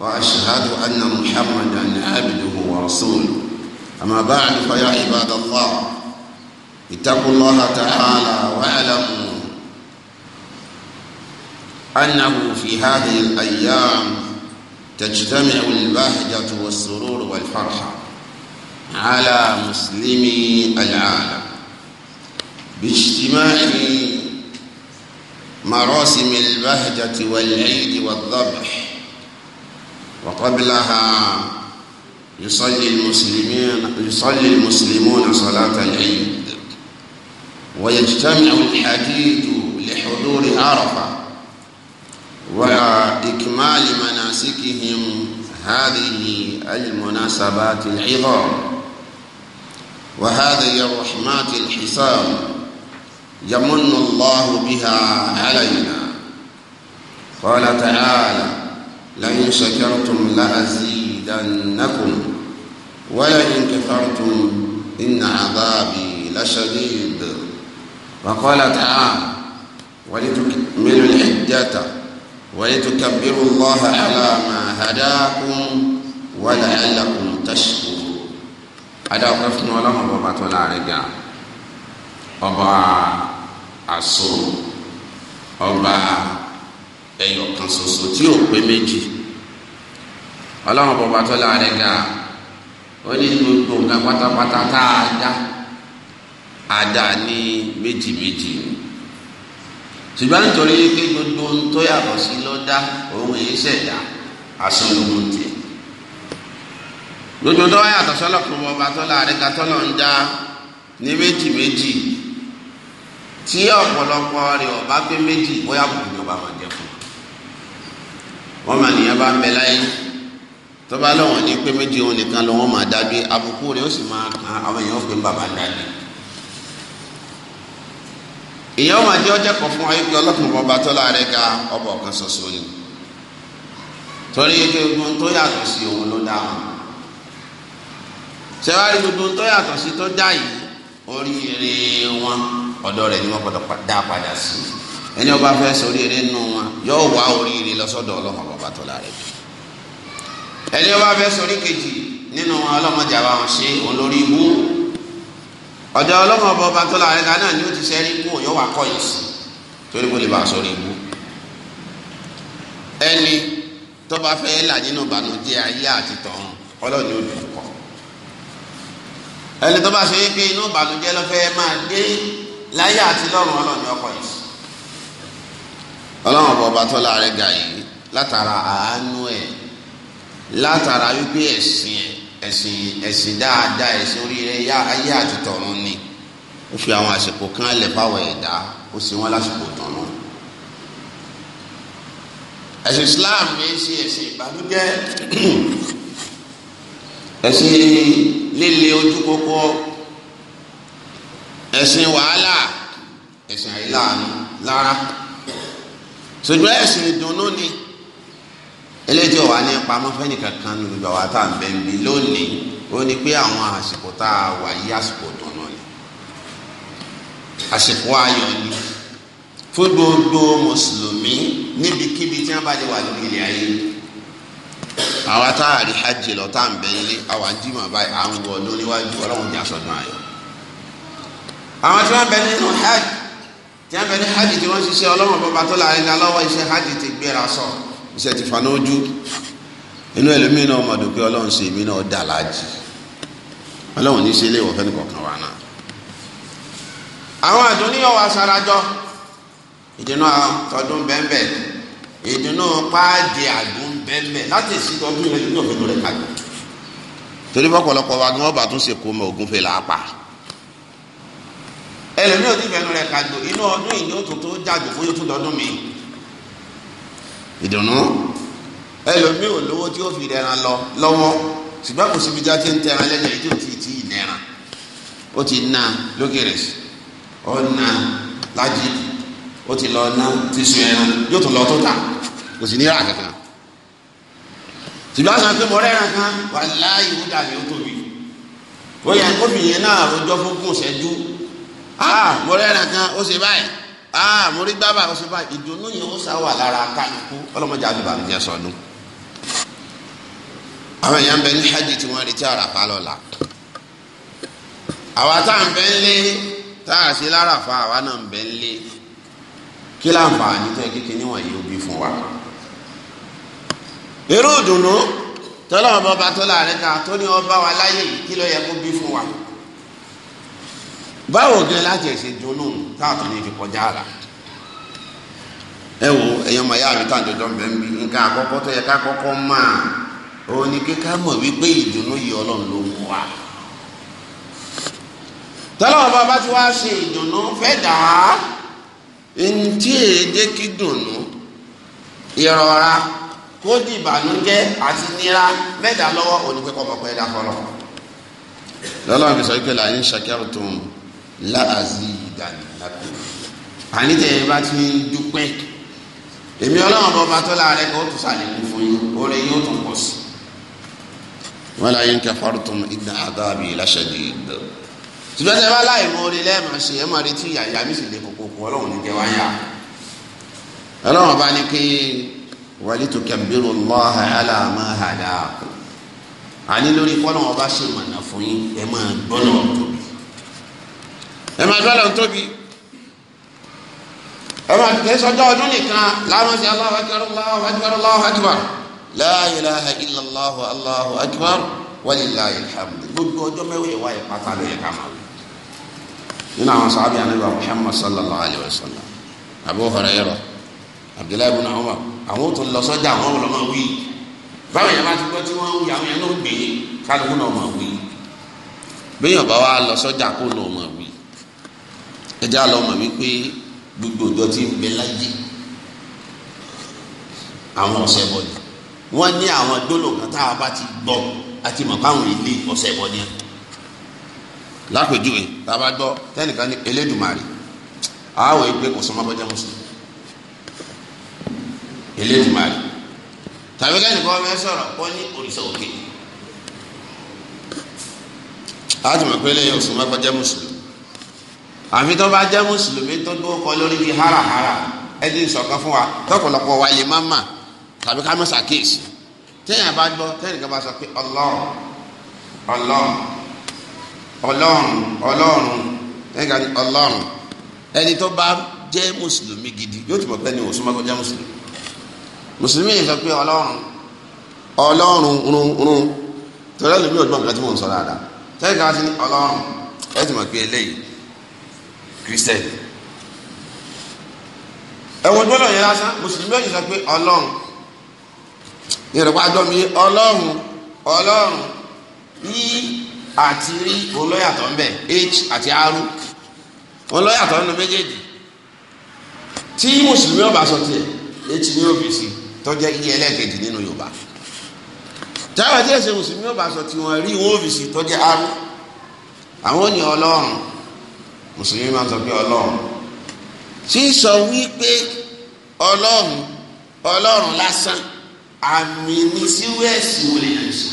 وأشهد أن محمدا عبده ورسوله أما بعد فيا عباد الله اتقوا الله تعالى واعلموا أنه في هذه الأيام تجتمع البهجة والسرور والفرحة على مسلمي العالم باجتماع مراسم البهجة والعيد والذبح وقبلها يصلي المسلمين يصلي المسلمون صلاة العيد ويجتمع الحديد لحضور عرفة وإكمال مناسكهم هذه المناسبات العظام وهذه الرحمات الحساب يمن الله بها علينا قال تعالى لئن شكرتم لأزيدنكم ولئن كفرتم إن عذابي لشديد وقال تعالى ولتكملوا العدة ولتكبروا الله على ما هداكم ولعلكم تشكرون هذا قفنا ولهم بابات ولا رجع أبا عصور أبا ẹyọ kan ṣoṣo tí ò pé méjì ọlọ́run bọ̀bá tó láàrin ga ó ní gbogbo nǹkan pátápátá tá a dá a dá ní méjì méjì ṣùgbọ́n nítorí pé gbogbo ohun tó yàtọ̀ sí ló dá òun èyí ṣẹ̀dá asán ló tiẹ̀ gbogbo tó yàtọ̀ sọ́lọ́kùnrin bọ̀bá tó láàrin ga tọ́lọ̀ ń dá ní méjì méjì tí ọ̀pọ̀lọpọ̀ rẹ̀ ọ̀bá pé méjì bóyá kùkùn ni ọba máa jẹ́. wọ́n máa nìyẹn bá ń bẹ láyé tó bá lọ́wọ́n ní pé méjì òun nìkan wọ́n máa dábí àbùkù rẹ̀ ó sì máa kan àwọn èèyàn pé bàbá dábí. ìyẹn wọn àti ọjọ́ kan fún wa ọlọ́kùnrin ọba tọ́lá rẹ̀ ga ṣoṣo ni torí pé ogun tó yàtọ̀ sí òun ló dá sẹ́wárí gbogbo tó yàtọ̀ ẹni ọba fẹ́ ṣoríire nù wọn yóò wá oríire lọ́sọ̀dọ̀ ọlọ́mọ bàbá tó lára jù ẹni ọba fẹ́ ṣorí kejì nínú wọn ọlọ́mọdé àbá wọn ṣe olórí ibú ọ̀dọ̀ ọlọ́mọ bàbá tó lára ká náà ni ó ti ṣẹ́rí kú yóò wá kọ́ yìí sí torí kó lè bá ṣorí ibú ẹni tó bá fẹ́ là nínú ìbànújẹ́ ayé àti tọ̀hún ọlọ́ọ̀ni ò dùn kọ́ ẹni tó bá ṣe é pé inú ìbànújẹ́ ló máa dé láyé àti lọ́run ọlọ́ọ̀ni ọkọ̀ yìí ọlọ́run ọba ọba tọ́lá rẹ̀ ga yìí látara àánú ẹ̀ látara wípé ẹ̀sìn ẹ̀sìn ẹ̀sìn dáadáa ẹ̀sìn oríire yá ayé àti tọ̀run ni ó fi àwọn àsìkò kan lẹ̀ fáwọn ẹ̀dá ó sì wọ́n lásìkò tọ̀run ẹ̀sìn Islam ní í ṣe ẹ̀sìn ìbànújẹ́ ẹ̀sìn líle ojú kókó ẹ̀sìn wàhálà ẹ̀sìn àìláàánú lára ṣùgbọ́n ẹ̀sìn ìdùnnú ni eléyìí tí wà ní pamọ́ fẹ́nìkan kan ní gbogbo àwọn tá à ń bẹ̀ ń bi lónìí ó ní pé àwọn àsìkò tá a wà yí àsìkò dùnnú ni àsìkò ayọ̀ ni fún gbogbo mùsùlùmí níbikíbi tí wọ́n bá lè wà lórí ilẹ̀ ayé àwa tá a rí hajj lọ tá à ń bẹ ilé àwa ń jìmọ̀ báyìí à ń wọ lóníwájú ọlọ́run jà sọ́dún ayọ̀ àwọn tí wọ́n bẹ nínú hajj tí a bẹ ní hajj tí wọ́n ṣiṣẹ́ ọlọ́wọ́n bàbá tó la ẹni aláwọ̀ iṣẹ́ hajj ti gbéra sọ iṣẹ́ ti fa n'ojú inú ẹlòmíín náà ọmọdé pé ọlọ́run ṣe èmi náà dà láàjì ọlọ́run ní ṣe léèwọ̀ fẹ́ni kọ̀ọ̀kan wà náà. àwọn àdúnyọ̀ wa sarajọ ìdùnnú tọdún bẹ́ẹ̀nbẹ́ ìdùnnú páàdì àdún bẹ́ẹ̀nbẹ́ láti èsì tọdún yẹn lórí òfin lórí kájọ. torí fọ́pọ̀lọpọ̀ wa ni wọ́n bá tún ṣe kó mọ ògúnfẹ́ làápàá ẹlòmíì ò ti fẹnu rẹ̀ kàjò inú ọdún yìí yóò tún tó fún yóò tún dọdún mi ìdùnnú ẹlòmíì ò lówó tí ó fi rẹran lọ lọ́wọ́ ṣùgbọ́n kò síbi tí ń tẹran lẹ́yìn èyí tí ò ti ti ìnẹran ó ti na lókèrè ó na lájì ó ti lọ ná tíṣu ẹran yóò tún lọ tó ta kò sì ní kankan ṣùgbọ́n a sọ pé kan wàláyé ó dàbí ó tóbi ó yẹ kófì yẹn náà rojọ́ fún gùn ṣẹ́jú. Ah, ah mo rẹ́ra kan ó ṣe báyìí ah mo rí gbábà ó ṣe báyìí ìdùnnú yìí ó sá wà lára kálukú ọlọ́mọdé àdúgbò àmì jẹ́ sọdún. àwọn èèyàn bẹ ní hajj tí wọ́n retí àràfà lọ́la àwa tá à ń bẹ ń lé tá a ṣe láràfà àwa náà ń bẹ ń lé kí láǹfààní tó yẹ kékeré ó bí fún wa. irú ìdùnnú tọ́lọ́mọba tó láàrin ká tó ní ọba wa láyé yìí kí ló yẹ kó bí fún wa. báwo gẹ láti ẹsẹ dunu káàtó ní kọjá ẹ wo ẹyọ ọmọ ayá mi tá à ń àkọ́kọ́ tó ká kọ́kọ́ máa òun ni kíkà wípé ìdùnnú yìí Ọlọ́run ló wa tọ́lọ́wọ́ bá bá ti wá ṣe ìdùnnú fẹ́ dàá, ẹni tí èdè kí dùnnú ìrọ̀ra di àti nira mẹ́ta lọ́wọ́ onípẹ́kọ̀ ọ̀pẹ́ lọ́lọ́run láàzí ìdánilàkùn àní tẹ ẹ bá ti ń dúpẹ́ èmi ọlọ́run bọ́ bá tọ́lá rẹ kó tún sàlékún fún yín oore yóò tún pọ̀ sí. wọn láyé ń kẹ fọrọtún ìdá àdáàbí láṣẹdì ìdá ṣùgbọ́n tẹ bá láì mọ orí lẹ́ẹ̀mọ̀ ṣe ẹ mọ̀ retí yàyà mi sì lè kókó kó ọlọ́run ní kẹwàá yá ọlọ́run bá ní kí wàlí tó kẹ̀mbírù lọ́hà aláàmà àdáàkù àní lórí kọ́nà ọba ṣe mọ̀nà fún yín ẹ máa gbọ́nà ọ̀tọ̀b ẹ máa gbọ́ lọ́n tóbi ẹ máa tẹ̀ sọ́jọ́ ọdún nìkan láwọn sí Allahu akbar Allahu akbar Allahu akbar la ilaha illallah Allahu akbar walillahi alhamd gbogbo ọjọ́ mẹ́wẹ̀ẹ́ wáyé pátá ló yẹ ká máa wí nínú àwọn sàábì anábìá Muhammad sallallahu alayhi wa sallam Abu Hurairah Abdullahi ibn Umar àwọn tó lọ sọ́jà àwọn ọmọ ọmọ wí báwọn yẹn bá ti gbọ́ tí wọ́n ń wí àwọn yẹn ló gbé kálukú náà ọmọ wí bẹ́ẹ̀ yọ̀bá wa lọ sọ́jà kó lọ ọmọ wí ẹjẹ alọ mọ wípé gbogbo ọjọ́ tí ń bẹ láyé àwọn ọsẹ bọ ni wọn ní àwọn gbólóǹkan tá a bá ti gbọ́ àti mọ káwọn ilé ọsẹ bọ ni lápèjúwe tá a bá gbọ́ tẹnìkan ní Elédùmarè àwọ ìgbé kò sọmọ bọjá mùsùlùmí Elédùmarè tàbí kẹ́nìkan ọmọ ẹ sọ̀rọ̀ kọ́ ní òrìṣà òkè àti mọ̀ pé lẹ́yìn ọ̀sùn mọ́ bọjá mùsùlùmí àfi tó bá jẹ́ mùsùlùmí tó dúró kọ lórí bíi hárahárà ẹni sọ̀kan fún wa tọ̀pọ̀lọpọ̀ wa lè má mà tàbí ká má ṣàkíyèsí téèyàn bá gbọ́ téèyàn kan bá sọ pé ọlọ́run ọlọ́run ọlọ́run ọlọ́run téèyàn kan ní ọlọ́run ẹni tó bá jẹ́ mùsùlùmí gidi yóò ti mọ̀ pé ẹni ò súnmọ́ kó jẹ́ mùsùlùmí mùsùlùmí yìí sọ pé ọlọ́run ọlọ́run run run tọ́lá lómi ò gbọ́n mi láti mò ń sọ dáadáa téèyàn kan sí ọlọ́run ẹ ti mọ̀ pé eléyìí kristẹni ẹ̀wọ̀n gbọ́dọ̀ yẹn lásán mùsùlùmí ọ̀yìn sọ pé ọlọ́run ìrẹ̀pá dọ́mi ọlọ́run ọlọ́run yí àti rí olóyàtọ̀ ń bẹ̀ h àti r olóyàtọ̀ nínú méjèèjì tí mùsùlùmí ọba sọ tiẹ̀ h ní òbísí tọ́jẹ́ iye ẹlẹ́ẹ̀kejì nínú yorùbá táwọn tí ẹ̀sẹ̀ mùsùlùmí ọba sọ tiwọn rí òbísí tọ́jẹ́ r àwọn ò ní ọlọ́run mùsùlùmí máa ń sọ pé ọlọ́run sísọ wípé ọlọ́run ọlọ́run lásán àmì ní síwẹ́ẹ̀sì wò lè yàn sí.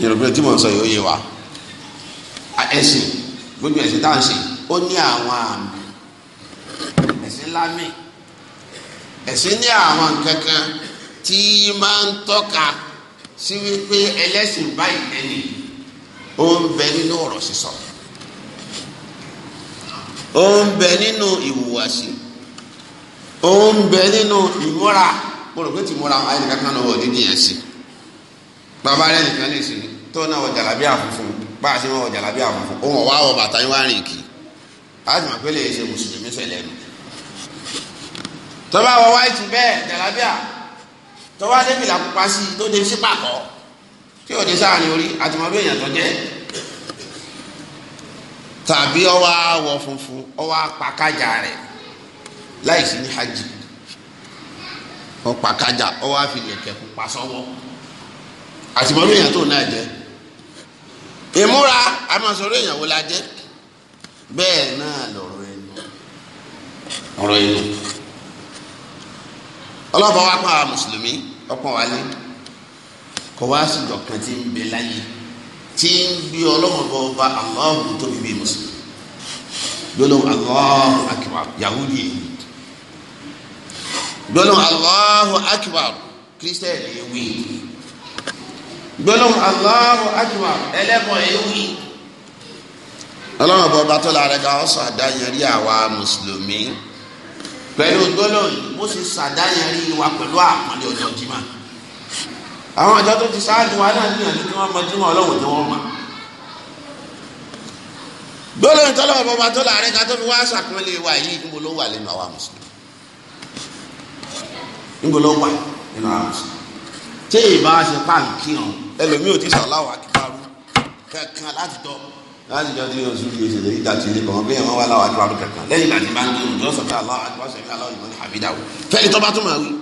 yorùbá tí mo ń sọ yìí ó yé wa ẹ̀sìn gbogbo ẹ̀sìn tá à ń ṣe ó ní àwọn àmì ẹ̀sìn lámì ẹ̀sìn ní àwọn nǹkan kan tí máa ń tọ́ka sí wípé ẹlẹ́sìn báyìí lẹ́nìí ó ń bẹ nínú ọ̀rọ̀ sísọ ó ń bẹ nínú ìhùwàsí ó ń bẹ nínú ìmúra mo rò pé tí múra ayé kankan náà wọ̀ dídì yẹn sí bàbá rẹ nìkan lè sí tó náà wọ jàlábí àfúnfún bá a ṣe wọ jàlábí àfúnfún òun ọ̀wá wọ bàtà yín wá rìn kì í a sì mọ̀ pé lè ṣe mùsùlùmí fẹ̀lẹ́ nu tọ́ba wọ wáìtì bẹ́ẹ̀ jàlábí à pupa sí i tó dé sí tí ò ní sáàrin orí àtìmọ́lú èèyàn tó jẹ́ tàbí ọwọ́ àwọ̀ funfun ọwọ́ àpàkájà rẹ̀ láì sí ní hajj ọpàkájà ọwọ́ àfìlẹ̀kẹ̀ pupa sọ́wọ́ àtìmọ́lú èèyàn tó náà jẹ́ ìmúra àmọ́sọ̀rọ̀ èèyàn wo la jẹ́ bẹ́ẹ̀ náà lọ̀rọ̀ ẹnu ọ̀rọ̀ ẹnu ọlọ́pàá wa pa mùsùlùmí ọ̀pọ̀ wa lé kọ wá síjọ kan tí ń bẹ láyé tí ń bí ọlọ́run bọ ọba Allahu tóbi bíi mùsùlùmí gbọ́dọ̀ Allahu akbar yahudi èyí gbọ́dọ̀ Allahu akbar kírísítẹ́ẹ̀lì ewì gbọ́dọ̀ Allahu akbar ẹlẹ́bọn ewì ọlọ́run bọ ọba tó la rẹ̀ ká ọ̀sán àdáyẹrí àwa mùsùlùmí pẹ̀lú gbọ́dọ̀ yìí mo sì sàdáyẹrí wa pẹ̀lú àpọ́nlé ọjọ́ jimá àwọn àjọ tó ti ṣáájú wa náà níyànjú kí wọ́n mọ tí wọ́n ọlọ́run tí wọ́n mọ. gbólóhùn tọ́lọ́ ọ̀bọ̀bà tó láàrin ká tó fi wá ṣàpọ́nlé wa yìí níbo ló wà nínú àwa mùsùlùmí níbo ló wà nínú àwa mùsùlùmí tí ìbá ṣe pàǹkì hàn ẹlòmíì ò ti sàláwà kíkárú kankan láti tọ́ láti jọ tí yóò sùn yóò ṣe lórí ìdá tìlé kan bí ẹ̀wọ̀n wà láwà kíkárú kankan lẹ́yìn ìgbà tí bá ń gbé òun tó sọ fẹ́ aláwọ̀ àti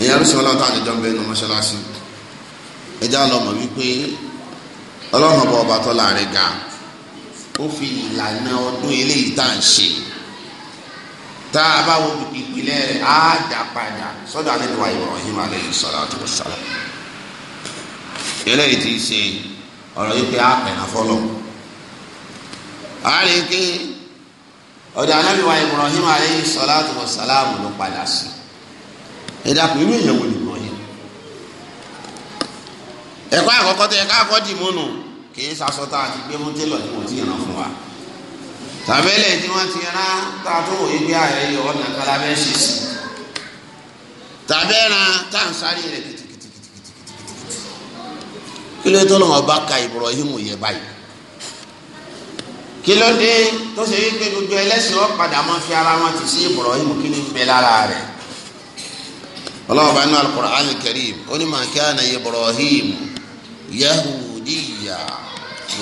èèyàn ló sọ ọlọ́run táwọn ìjọ ń bẹ inú mọ́ṣáláṣí ẹjá lọ mọ̀ wípé ọlọ́run ọba ọba tó láàrin ga ó fi ìlànà ọdún eléyìí tá à ń ṣe tá a bá wo ìpìlẹ̀ rẹ̀ á dà padà sọ́dọ̀ àdéhùwà Ibrahim alayhi salatu wassalam eléyìí ti ṣe ọ̀rọ̀ yìí pé á pẹ̀lú afọ́lọ́ a rí i pé ọ̀dọ̀ àdéhùwà Ibrahim alayhi salatu wassalam ló padà sí ẹ dàpọ̀ irú èèyàn wò ni wọ́n yẹ. ẹ̀kọ́ àkọ́kọ́ tẹ ẹ̀ka àkọ́ dì mọ́nù kì í sasọ tá a ti gbé mú télọ̀ tí wọ́n ti yàn fún wa. tàbẹ́lẹ̀ tí wọ́n ti rán tá a tó wòye bí ààrẹ yọ ọ̀nà kalabẹ́ ṣe sí. tàbẹ́ ran tá à ń sáré rẹ̀ kìtìkìtìkìtìkìtì. kí ló tó lọ́wọ́ bá ka Ibrahim yẹ báyìí kí ló dé tó ṣe wípé gbogbo ẹlẹ́sìn ọ̀ padà máa fi ara wọn ti sí Ibrahim kí ni ń bẹ lára rẹ̀ ọlọ́wọ́ bá nú al-Qur'an al-Karim ó ní ma kana Ibrahim yahudiya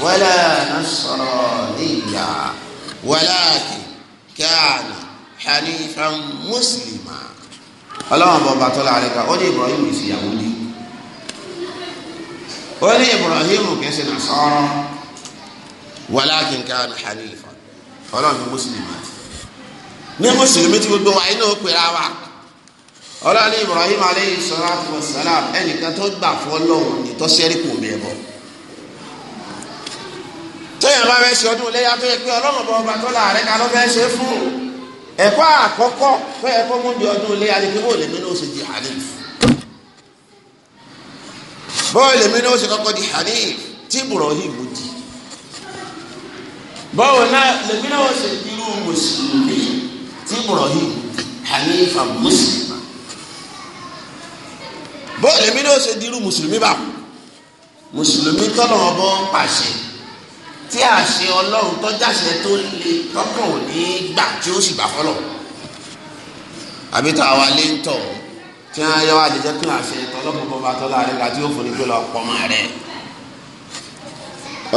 wala nasraniya walakin kana hanifan muslima ọlọ́wọ́ bá ọba tó láàrin ká ó ní Ibrahim ìsì yahudi ó ní Ibrahim kìí ṣe nasara walakin kana hanifan ọlọ́wọ́ ní mùsùlùmí tí gbogbo wa iná pèrè àwa ọlọ́ọ̀lẹ́ Ibrahim aleyhi salatu wa salam ẹnìkan tó gbà fọlọ́hún ni tó ṣẹ́rí kò bí ẹbọ. tóyàn bá fẹ́ ṣe ọdún iléyà tó yẹ pé ọlọ́run bọ̀ ọba tó láàrẹ́ ká ló fẹ́ ṣe fún ẹ̀kọ́ àkọ́kọ́ tó yẹ kó mú di ọdún iléyà ni pé bó lèmi ní ó ṣe di hanif bó lèmi ní ó ṣe kọ́kọ́ di hanif tí Ibrahim di báwo lèmi náà ó ṣe dirú mùsùlùmí tí Ibrahim hanif àmùsùlùmí bóyá èmi náà ṣe dirú mùsùlùmí bá mùsùlùmí tọ́nà ọbọ̀ ń pàṣẹ tí àṣẹ ọlọ́run tọ́jàṣẹ tó le tọkàn ò ní gbà tí ó sì gbà fọlọ́ àbí tá a wá lé ń tọ̀ tí wọ́n yọ àjẹjẹ pé àṣẹ tọ́lọ́pọ̀ bọ́ba tọ́lá rẹ̀ láti yóò fún ni pé lọ pọ̀ mọ́ rẹ̀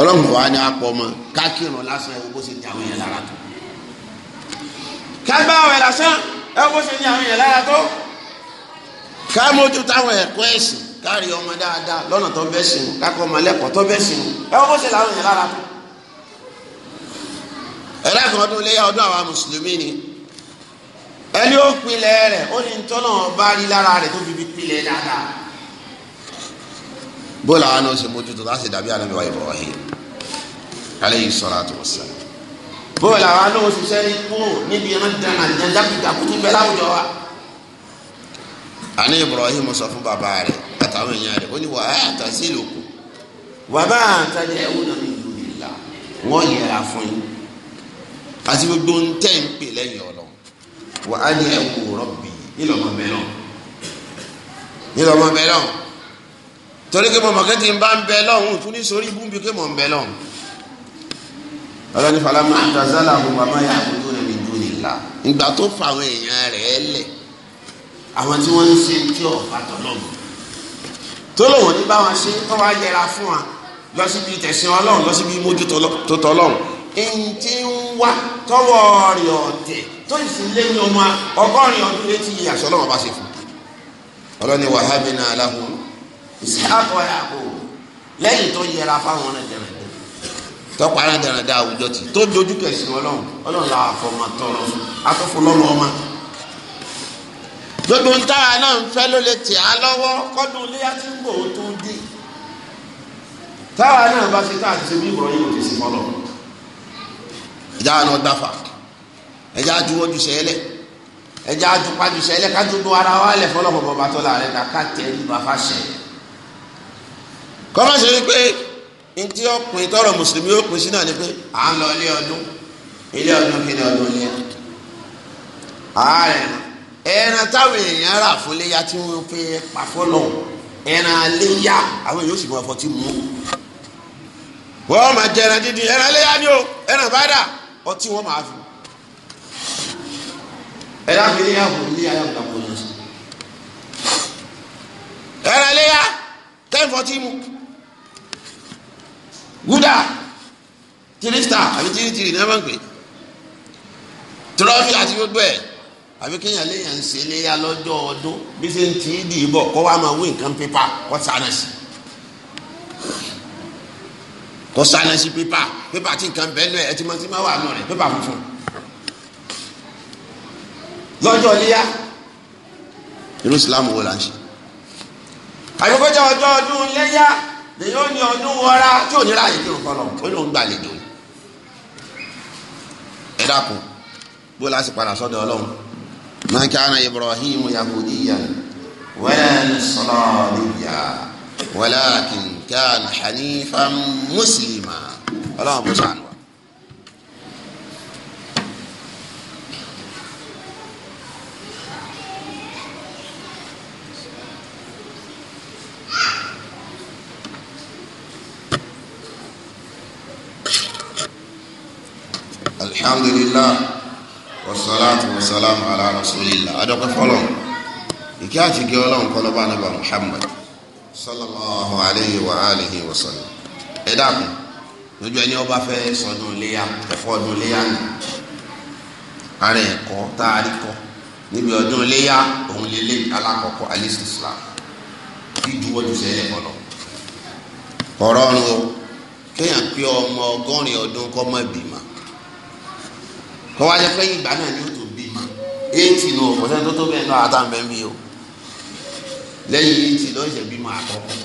ọlọ́run wa ni apọ̀ mọ́ kákìrún lásán ẹ̀ bó ṣe ní àwọn yẹn lára tó kágbáwẹ̀ lásán ẹ̀ bó ṣe ní àwọn yẹn lára tó ká mójú táwọn ẹ̀kọ́ ẹ̀sìn kárí ọmọ dáadáa lọ́nà tó bẹ́ sìn kákọ́ ọmọ ẹlẹ́kọ̀ọ́ tó bẹ́ sìn ẹ wọ́n bó ṣe làwọn yẹn lára tó. ẹ̀rọ kan ọdún léyà ọdún àwa mùsùlùmí ni ẹni ó pilẹ̀ rẹ̀ ó ní tọ́nà bá rí lára rẹ̀ tó fi fi pilẹ̀ dáadáa. bó làwọn náà ṣe mójú tó láti dàbí àná mi wáyé bọ̀ wáyé alayhi salatu wassalam bó làwọn náà ṣiṣẹ́ ní kúrò níbi ẹ̀rọ dáná ìjàndábìjà kútú bẹ́ẹ̀ láwùjọ àní Ibrahim sọ fún bàbá rẹ àtàwọn èèyàn rẹ ó ní wàá àtàsí ìlòkù bàbá àtàjẹ ẹwọ náà ní ìlú ìlà wọn yẹra fún yín àti gbogbo ń tẹ̀ ń pè lẹ́yìn ọ̀lọ́ wàá ní ẹwọ rọ̀bì ìlọ́mọ mẹ́rán ìlọ́mọ mẹ́rán torí pé mọ̀mọ́ kẹ́tì ń bá ń bẹ lọ́hùn tún ní sórí ibú bí pé ń bẹ lọ́hùn. ọlọ́ni falamá àtàzálà àwọn bàbá yà àkójọ rẹ̀ mi dùn nílà. ìgbà tó fa àwọn èèyàn rẹ̀ lẹ̀ àwọn tí wọ́n ń ṣe tí ọ̀pá tọ́lọ́mù tó lòun ní báwọn ṣe tó wá yẹra fún wa lọ síbi tẹ̀sìn ọlọ́run lọ síbi mójútó tọ́lọ́run ẹni tí ń wá tọwọ́ rẹ̀ ọ̀tẹ̀ tó ìsìnlẹ̀ ní ọmọ ọgọ́rin ọdún létí àṣọ ọlọ́run bá ṣe fún ọlọ́ni wàhábìnà aláhùn ìsáàkọ yàgò lẹ́yìn tó yẹra fáwọn ọ̀nà dẹ̀rẹ̀dẹ̀ tọ́pọ̀ ara dẹ̀rẹ̀dẹ̀ àwùjọ ti tó dojú kẹsìn ọlọ́run ọlọ́run làwọn afọmọ tọrọ afọfọlọ́run ọmọ gbogbo ń tára náà ń fẹ́ ló lè tẹ̀ á lọ́wọ́ kọ́dún iléyà tí ń bò ó tó dé táwa náà bá ṣe tá a ti ṣe bí ìbọn yìí ò ti sì fọlọ ìjà àná dáfà ẹjẹ àjúwọ́jú sẹ́lẹ̀ ẹjẹ àjùpájú sẹ́lẹ̀ kájú bó ara wa lẹ̀ fọlọ́pọ̀ bọ̀ bàtọ́ la rẹ̀ kàkà tẹ̀ ní bàfà sẹ̀ kọ́má ṣe wípé ntí ọkùnrin tọrọ mùsùlùmí ó pin sí náà ni pé à ń lọ ilé ọdún ilé ọdún kí ni ọdún ilé ẹran táwọn èèyàn rà fún léyà tí wọ́n fi pa fọ́lọ̀ ẹran léyà àwọn èèyàn ó sì mọ ọ̀fọ̀ tí mú wọ́n máa jẹ ẹran dídín ẹran léyà ni o ẹran bá dà ọtí wọ́n máa fi ẹ̀rọ abiri yà wò ní ayé ọ̀gá kò lọ́sọ̀. ẹ̀rọ ilé yá ten forty mu gúdà tìrìsítà àbí tìrìtìrì ní ẹ máa ń pè trọ́fì àti gbogbo ẹ̀ àbí kéèyàn léèyàn ń ṣe léyà lọ́jọ́ ọdún bí ṣe ń tì í dì í bọ̀ kó wá máa wí nǹkan pépà kó sáná sí kó sáná sí pépà pépà tí nǹkan bẹ́ẹ̀ lọ ẹ̀ tí mo ti máa wà nù rẹ̀ pépà funfun lọ́jọ́ léyà irú ìsìlámù wo la ń ṣe. àyọkọ́jà ọjọ́ ọdún léyà lèyí ó ní ọdún wọra tí ò ní ráàyè kí n kọ́ lọ ó ní òun gbàlejò ẹ dákun bó la sì padà sọ́dọ̀ ọlọ́run ما كان إبراهيم يهوديا ولا نصرانيا ولكن كان حنيفا مسلما ولا بسعنا الحمد لله wasalaatu wasalaamu ala rasulillah adọ́pẹ́ fọlọ́ ìkí àti gé ọlọ́run kọ́ lọ́ba nípa muhammad sallallahu alayhi wa alihi wa sallam ẹ dákun a rí kọ́ níbi ọdún léyà òun lélẹ̀ alákọ̀ọ́kọ́ alisi ju sẹ́yìn ẹ̀kọ́ lọ. kọ̀rọ̀ kọ́ wá jẹ́ pé ìgbà náà ni ó tó bí ma eighty nù ọ̀pọ̀ sẹ́ni tó tó bẹ́ẹ̀ náà àtà bẹ́ẹ̀ mi o lẹ́yìn eighty ló ń ṣe bímọ àkọ́kọ́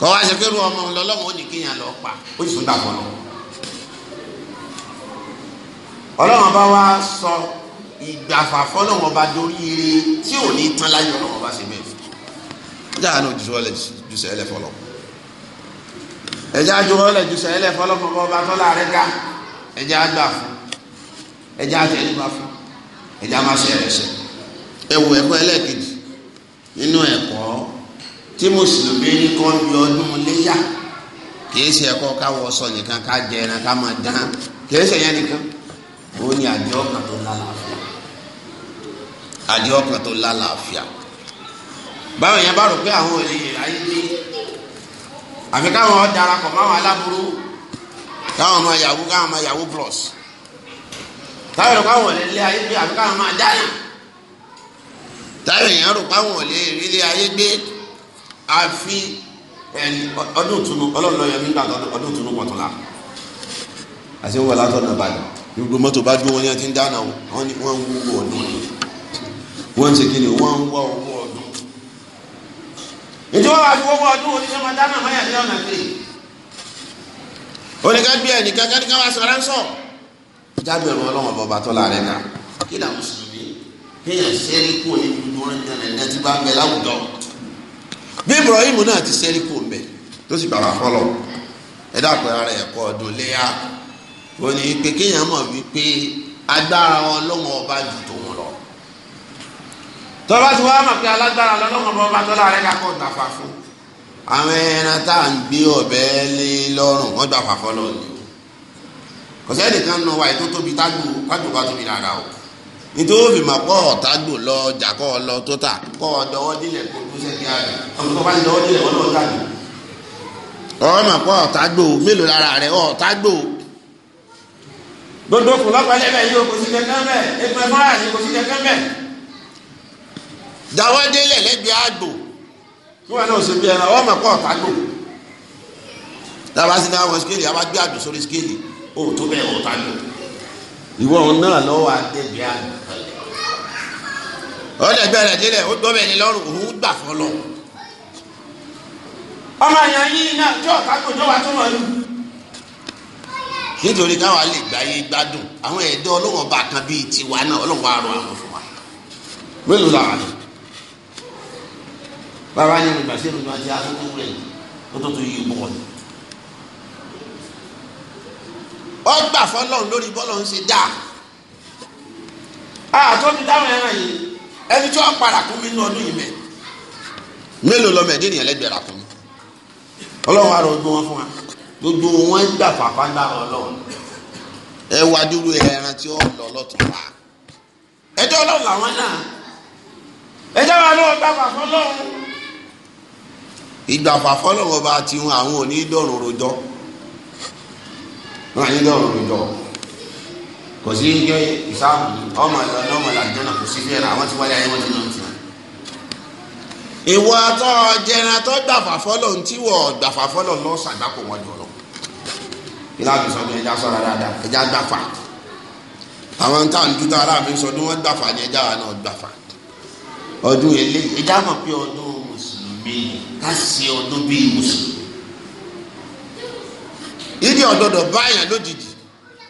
kọ́ wá jẹ́ pé irú ọmọ ọlọ́mọ ó ní kéèyàn lọ pa ó sì tún dà fọlọ́ ọlọ́run bá wá sọ ìgbàfà fọlọ́run bá dorí ire tí ò ní tán láyé ọlọ́run bá ṣe bẹ́ẹ̀ fún ọjà àánú jùsọ̀ ẹlẹ́fọlọ́ ẹ̀já jùsọ̀ ẹlẹ́fọlọ́ mọ́ bá tọ́lá rẹ̀ ká ẹjẹ àgbà fún ẹjẹ àtẹnugbà fún ẹjẹ àmàṣẹ ẹsẹ ẹwù ẹ̀kọ́ ẹlẹ́ẹ̀kejì nínú ẹ̀kọ́ tí mùsùlùmí ní kọ́ bí ọdún léyà kìí ṣe ẹ̀kọ́ káwọ sọ nìkan ká jẹ ẹran ká máa dán kìí ṣe yẹn nìkan ó ní àdé ọkàn tó lálàáfíà àdé ọkàn tó lálàáfíà báwọn yẹn bá rò pé àwọn ènìyàn ayé ní àfi káwọn darapọ̀ máwọn aláburú. káwọn ma yàwó káwọn máa yàwó plus táwọn rò káwọn lè lé ayé gbé àbí káwọn máa dáná táwọn èèyàn rò káwọn lè rí ayé gbé àfi ọdún ìtùnú ọlọ́ọ̀lọ́yọ̀ nígbà ọdún ìtùnú pọ̀tọ́lá àti wọn báyìí gbogbo mọ́tò bá dúró wọn ni wọn ti ń dáná wọn ni wọn ń wúwo ọdún wọn ń ṣe kí ni wọn ń wá owó ọdún. ìjọba àti owó ọdún oníṣẹ́ máa dáná ní oníkàgbé ẹnìkan kẹ́nìkan wá sọ ránṣọ. jábẹ̀rù ọlọ́wọ́n bọ̀ bàtọ́ láàrin náà. kí ni àwọn sùnmí kéèyàn sẹ́rí kó ní gbogbo oúnjẹ nàìjíríà ti bá mẹ láwùjọ. bí Ibrahim náà ti sẹ́rí kó mẹ tó sì bàbá fọlọ ẹ dàpọ̀ ara ẹ̀ kọ́ ọdún léyà ó ní pé kéèyàn mọ̀ wípé agbára ọlọ́wọ́n ọba jù tòun lọ. tọ́ba ti wá mọ̀ pé alágbára ọlọ́wọ́n ọba tọ́lá rẹ̀ kakọ́ ọ̀tàfà fún àwọn ẹran tá à ń gbé ọ̀bẹ lé lọ́rùn wọ́n gbà fàfọ́ lọ ni o kò sẹ́ni kan nù wáyé tó tóbi tágbò kágbò bá tóbi rárá o nítorí òfin mà pọ̀ tágbò lọ ọjà kọ́ ọ lọ tó tà kọ́ ọ dọwọ́ dílẹ̀ kó tó sẹ́ni àgbẹ̀ ọmọ tó bá ní dọwọ́ dílẹ̀ wọ́n lọ tàbí. ọ̀rọ̀ mà pọ̀ tágbò mélòó lára rẹ̀ ọ̀ tágbò gbogbo kò lọ́pàá bẹ́ẹ̀ yóò kò sí kankan bẹ́ẹ̀ ẹgbẹ́ fáyà sí kò sí kankan bẹ́ẹ̀. dọwọ́ dílẹ̀ lẹ́gbẹ̀ẹ́ àgbò níwọ̀n náà ṣe bí ẹran wọ́n mọ̀ pọ̀ ọ̀tá lò dábàá sí náà wọ́n skéèlì àbá gbé àjò sórí skéèlì ó tó bẹ́ẹ̀ ọ̀tá lò ìwọ òun náà lọ́wọ́ adébíà ọ̀lẹ́ gbẹ̀rẹ̀ délẹ̀ ó gbọ́ bẹ́ẹ̀ ni lọ́rùn òun gbà fọ́ lọ. ọmọ èèyàn yìí náà jọ kákò jọ wá tó lọ lù. nítorí káwa lè gbáyé gbádùn àwọn ẹ̀dọ́ ọlọ́wọ́n bá kan bíi tiwa náà ọlọ́wọ́n á àwọn fún wa. mélòó làwọn bàbá yẹn ní bàṣẹ ní bàṣẹ àtúntò rẹ ó tó tó yí bọ́ọ̀lù. ọgbà fọlọ́run lórí bọ́ọ̀lù ń ṣe dáa àtọ́ni dáhùn ẹran yìí ẹni tí wọ́n para kún mi nínú ọdún yìí mẹ́ mélòó lọ́mọ ẹ̀dín nìyẹn lẹ́gbẹ̀ẹ́ rà kún mi ọlọ́run àrò gbọ́ wọn fún wa gbogbo wọn gbà fàfà ńlá ọlọ́run ẹ wá dúró ẹran tí ó lọ lọ́tún wa ẹjọ́ ọlọ́run làwọn náà ẹjọ́ wa ló gbà fàfà ọlọ́run. ìgbàfà fọlọ́wọ́ bá ti hun àwọn òní dọ̀rùn rojọ́ wọn àyè dọ̀rùn rojọ́ kò sí ike ìsáàmù ọmọ ìlọrin ọmọ ìlàjọ kò sí fẹ́ẹ́ àwọn ti wáyé ayé wọ́n ti lọ ti ìwọ tó gbàfà fọlọ́ lọ sàgbàpọ̀ wọn lọ. ilé ẹja dáadáa ẹja gbàfà àwọn tá à ń dúdú sọdún wọn gbàfà ẹja ká ṣe ọdún bíi mùsùlùmí ìdí ọ̀dọ́dọ̀ báyà lójijì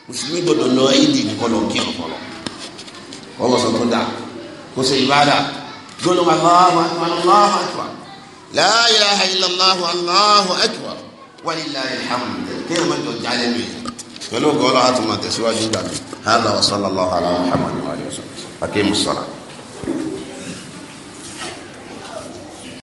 mùsùlùmí gbọdọ̀ lọ ìdí nìkan lọ kí ọ̀fọ̀lọ́ ọmọ sọ tó dáa kó ṣe ìbáda gbọdọ̀ Allahu akbar Allahu akbar la ilaha illallah Allahu akbar walillahil hamd kéèyàn má jọ jálẹ̀ mi pẹ̀lú ọgọ́ ọlọ́wà tẹ̀síwájú gbàgbé hàlá wa